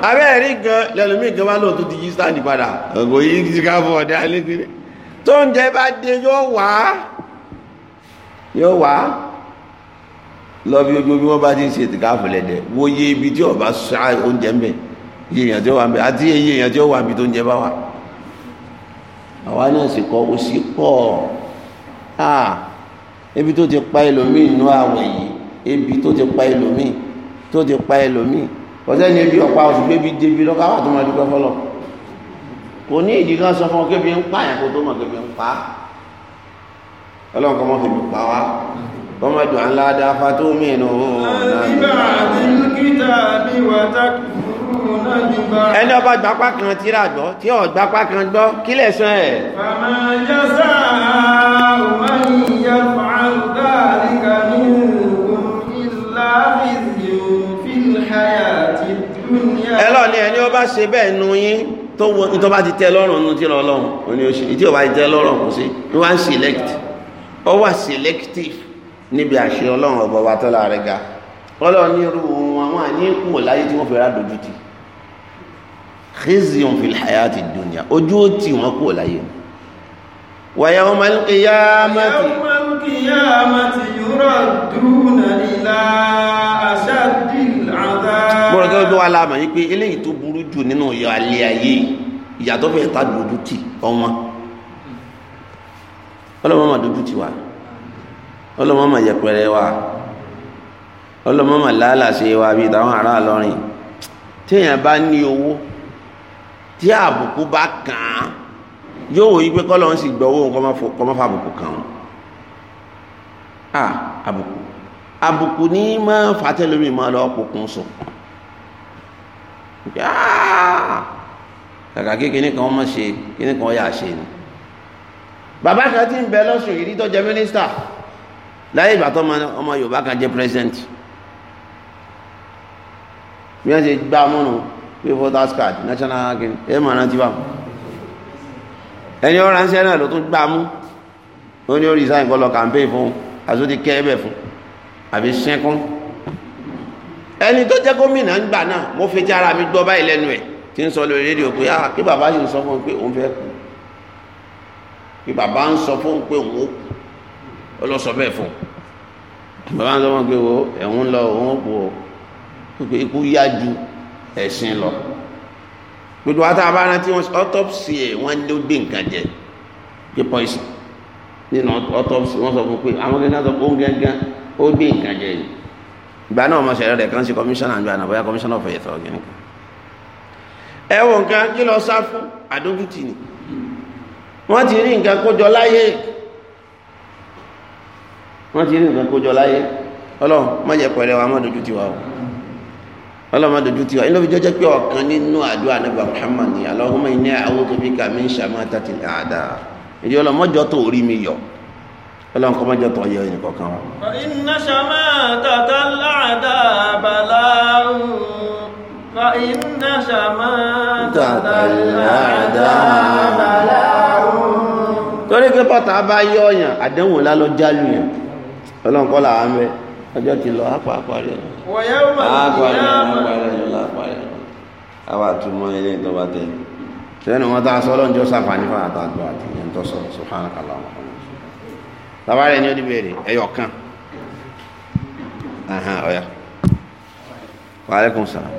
Speaker 3: abẹ́ rí gan lẹ́lùmí gan wá lóò tó ti yí sáàdì padà ọ̀gọ̀ yìí ti ká bọ̀ ọ̀dẹ́ alékiri tó ń jẹ bá dé yóò wá yóò wá lọ bí ojú bí wọ́n bá ti ń ṣe ìtìkáfù lẹ́dẹ̀ wo yé ibi tí ọba sá oúnjẹ ń bẹ̀ iye èèyàn tí ó wà ń bẹ̀ àti iye èèyàn tí ó wà ń bi tó ń jẹ bá wà àwa náà sì kọ́ ó sì pọ̀ ibi tó ti pa ẹlòmíì nú àwẹ̀ yìí ibi tó ti pa ẹlòmíì tó ti pa ẹlòmíì ọ̀sẹ́ni ebi ọ̀pá oṣù gbébi débi lọ́kọ́ àwọn tó máa dúpẹ́ fọlọ́ kò ní ìdí kan sọ fún ọ kébi ń pa àyàkó tó mọ̀ kébi ń pa ọlọ́run kọ́ mọ́ kébi pa wá wọ́n máa dùn án ládàá fató mìíràn òun ẹni ọba gbapá kan tíra gbọ́ tí ọ̀ gbapá kan gbọ́ kí lẹ̀ sọ ẹ̀.
Speaker 2: fàmáyásá àwọn ìyá fàáńdà àríkà nínú ìlà ìlú
Speaker 3: ẹlọ́ni ẹni ó bá ṣe bẹ́ẹ̀ nu yín tó wọn tó bá ti tẹ́ lọ́rùn nu tí lọ lọ́rùn ó ní ó ṣe tí ó bá ti tẹ́ lọ́rùn kò sí ó wá ń select ó wà selective níbi àṣẹ ọlọ́run ọ̀bọ̀ wa tọ́lá rẹ̀ ga ọlọ́run ní irú àwọn àníkù láyé tí wọ́n fi rá dojú ti khizyun fil hayati dunya ojú ó tì wọ́n kú láyé wa yawmal
Speaker 2: qiyamati yawmal qiyamati yuraduna ila ashaddi
Speaker 3: bọ́lá kí wọ́n wá láàmà yìí pé eléyìí tó burú jù nínú ìyá alẹ́ ayé ìyàtọ̀ fẹ́ẹ́ ta dojú tì ọ̀wọ́n ọlọ́mọ mà dojú tì wá ọlọ́mọ mà yẹpẹrẹ wá ọlọ́mọ mà lálàṣe wá bíi táwọn ará lọ́rìn téèyàn bá ní owó tí àbùkù bá kàn án yóò wòye pé kọ́lọ́ ń sì gbọ́ kọ́ àbùkù ní máa fàtẹ́lómi máa lọ pokùn sùn kàkà kí kíní kan mọ̀ ṣe kíní kan yà ṣe ni bàbá kan ti ń bẹ lọ́sùn yìí tó jẹ mínísítà láyé ìgbà tó ọmọ Yorùbá kan jẹ pírẹsidẹ́ǹtì bí wọ́n ṣe gbá mọ́nu pé voters card national game ẹ mọ̀ rántí bá ẹni ọ̀ránṣẹ́ náà ló tún gbá mú ó ní ó resign kọ́ lọ campaign fún àtúntí kẹ́ ẹ bẹ̀ fún àbí sẹ́kún ẹni tó jẹ́ gómìnà ń gbà náà mo fi jára mi gbọ́ báyìí lẹ́nu ẹ̀ tí ń sọ lórí rédíò pé ah kí bàbá yìí ń sọ fún un pé òun fẹ́ kú kí bàbá ń sọ fún un pé òun ó kú ó lọ sọ bẹ́ẹ̀ fún un bàbá ń sọ fún un pé ẹ̀hún lọ òun ó kú o pé ikú yá ju ẹ̀sìn lọ gbogbo wa tá a bá rántí wọn autopsy ẹ̀ wọ́n ló gbé nǹkan jẹ pé poison nínú autopsy wọ́n sọ fún un pé àwọn gẹ́gẹ́ sọ fún gẹ́gẹ́ ó gbé nǹkan jẹ yìí ìgbà náà ọmọ ṣẹlẹ̀ rẹ̀ kan sí kọmíṣánná àjọ ànàbọ̀yá kọmíṣánná ọ̀fọ̀ yẹtọ̀ ọ̀gẹ̀ nìkan ẹ wo nǹkan kí lọ sá fún àdójútì ni wọ́n ti rí nǹkan kójọ láyé wọ́n ti rí nǹkan kójọ láyé ọlọ́run má jẹ́ pẹ̀lẹ́ wa má dojú tiwa o ọlọ́run má dojú tiwa inú fi jọ́jẹ́ pé ọ̀kan nínú àdúrà nígbà Muhammad ni Allahumma inni a'udhu bika min shamatati ada ìdí ọlọ́run mọ́jọ́ tó rí mi yọ̀ ọlọ́run kọ́ mọ́jọ́ tọ́ yẹ ẹnì kọ̀ọ̀kan wa.
Speaker 2: iná ṣàmá tàtà láàdá bàlá iná ṣàmá tàtà
Speaker 3: láàdá bàlá. torí pé pọ́tà bá yọ ọ̀yàn àdéhùn ńlá ló jálù yàn ọlọ́run kọ́ làwọn mẹ́ ọjọ́ ti lọ apá àparí ẹ̀.
Speaker 2: àparí ẹ̀ àparí ẹ̀ àparí ẹ̀
Speaker 3: àwa àtúmọ̀ ilé ìtọ́ba tẹ̀. sẹ́ni wọn tá a sọ ọlọ́run jọ sáfà nípa àtàgbà àti ìyẹn tó sọ sùhánà kàlá ọmọkùnrin bàbá rẹ̀ o ó dìbèrè ẹyọ kan ọ̀yà wa alaikum salaam.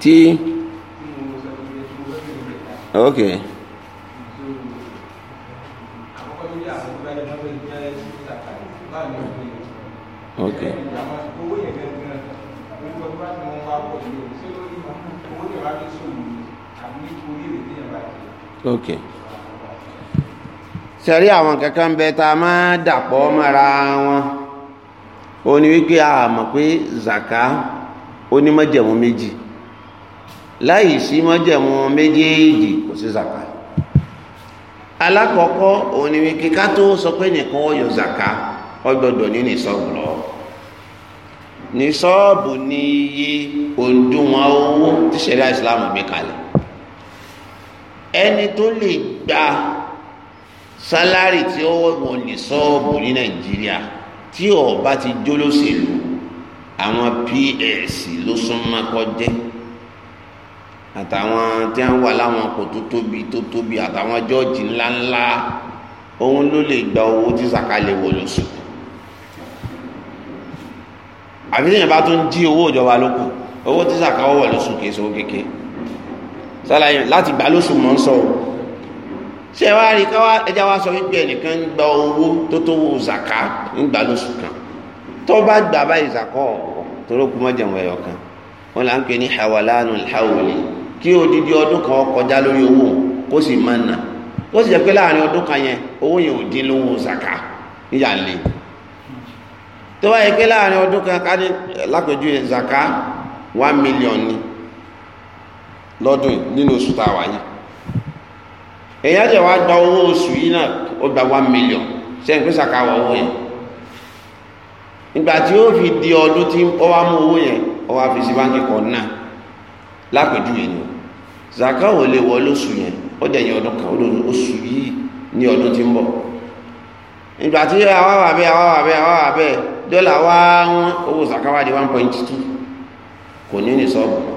Speaker 3: tí ok.
Speaker 2: ok. owó
Speaker 1: o ṣé lórí ìmọ̀
Speaker 3: ok sẹ̀rí àwọn kankan bẹ tá mara máa dàpọ̀ mọ́ra wọn ní wípé a mọ̀ pé zaka ó ní májẹ̀mú méjì láì sí májẹ̀mú méjèèjì kò sí zaka alákọ̀ọ́kọ́ ó ní wípé ká tó sọ pé zaka ní lọ ni iye owó Islam gbé ẹni tó lè gba sálárì tí ó wọlé sọ́ọ̀bù ní nàìjíríà tí ọba ti jó àwọn ps ló súnmọ́ kọjẹ́ àtàwọn tí wọ́n wà láwọn kò tó tóbi tó tóbi àtàwọn jọ́ọ̀jì ńláńlá òun ló lè gba owó tí sàkálẹ̀ wọ lóṣù àbí tí yẹn bá tún jí owó ìjọba lóko owó tí sàkálẹ̀ wọ lóṣù kìí ṣe owó kékeré sálàyé láti gbà lóṣù mọ́ ń sọ o ṣe wá rí káwá ẹja wá sọ wípé ẹnìkan ń gba owó tó tó wo zàká ń gbà lóṣù kan tó bá gbà báyìí zàkọ torókù mọ́jẹ̀wọ̀ ẹ̀yọ̀ kan wọn là ń pè ní hawalanu hawali kí odidi ọdún kan kọjá lórí owó kó sì máa nà ó sì jẹ́ pé láàrin ọdún kan yẹn owó yẹn ò dín lówó zàká níyà lè tó bá yẹ pé láàrin ọdún kan ká ní lápẹjú zàká one million ni lọ́dún yìí nínú oṣù tá a wà yìí èyàn jẹ́ wá gba owó oṣù yìí náà ó gba one million ṣe ń pèsè àkàwọ̀ owó yẹn ìgbà tí ó fi di ọdún tí ó wá mú owó yẹn ó wá fi sí báńkì kan náà lápèjúwe ni zaka ò lè wọ lóṣù yẹn ó dẹ̀ yẹn ọdún kan ó lòdù oṣù yìí ní ọdún tí ń bọ̀ ìgbà tí àwa wà bẹ́ẹ̀ àwa wà bẹ́ẹ̀ àwa wà bẹ́ẹ̀ dọ́là wá wọn owó zaka wá di one point two kò ní ní sọ́ọ̀bù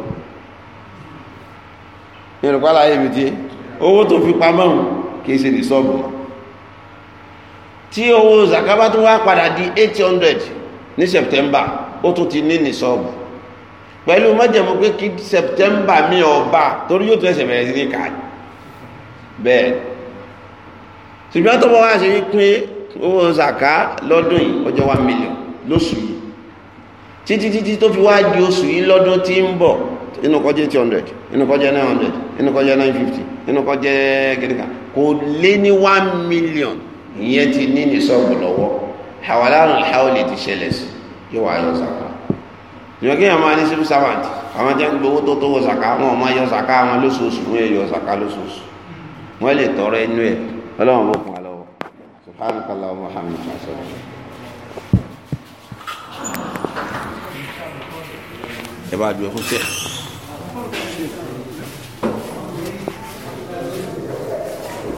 Speaker 3: ìrùpálá ayé mi ti owó tó fi pamọ́ kìí ṣe ní sọ́ọ̀bù tí owó zakaba tó wá padà di eight hundred ní september ó tún ti ní ní sọ́ọ̀bù pẹ̀lú májẹ̀mú pé kí september mi ọba torí yóò tún ẹsẹ̀ bẹ̀rẹ̀ sí ní káàdì bẹ́ẹ̀ ṣùgbọ́n tó bọ́ wá ṣe wípé owó zaka lọ́dún yìí ọjọ́ one million lóṣù yìí títí títí tó fi wá di oṣù yìí lọ́dún tí ń bọ̀ inú kọ́ jẹ́ eight hundred inú kọ́ jẹ́ nine hundred inú kọ́ jẹ́ nine fifty inú kọ́ jẹ́ kò lé ní one million ìyẹn ti ní ní sọ́ọ̀bù lọ́wọ́ hawalarun haoli ti ṣẹlẹ̀ sí yóò wá yọ sàká ìwọ̀n kí àwọn ní civil servant àwọn jẹ́ gbowó tó tó wọ sàká wọn ọmọ yọ sàká wọn lóṣooṣù wọn yọ sàká lóṣooṣù wọn lè tọrọ inú ẹ ọlọ́run bó kún wa lọ́wọ́ subhanahu wa ta'ala wa muhammed sallallahu Et bah, je vais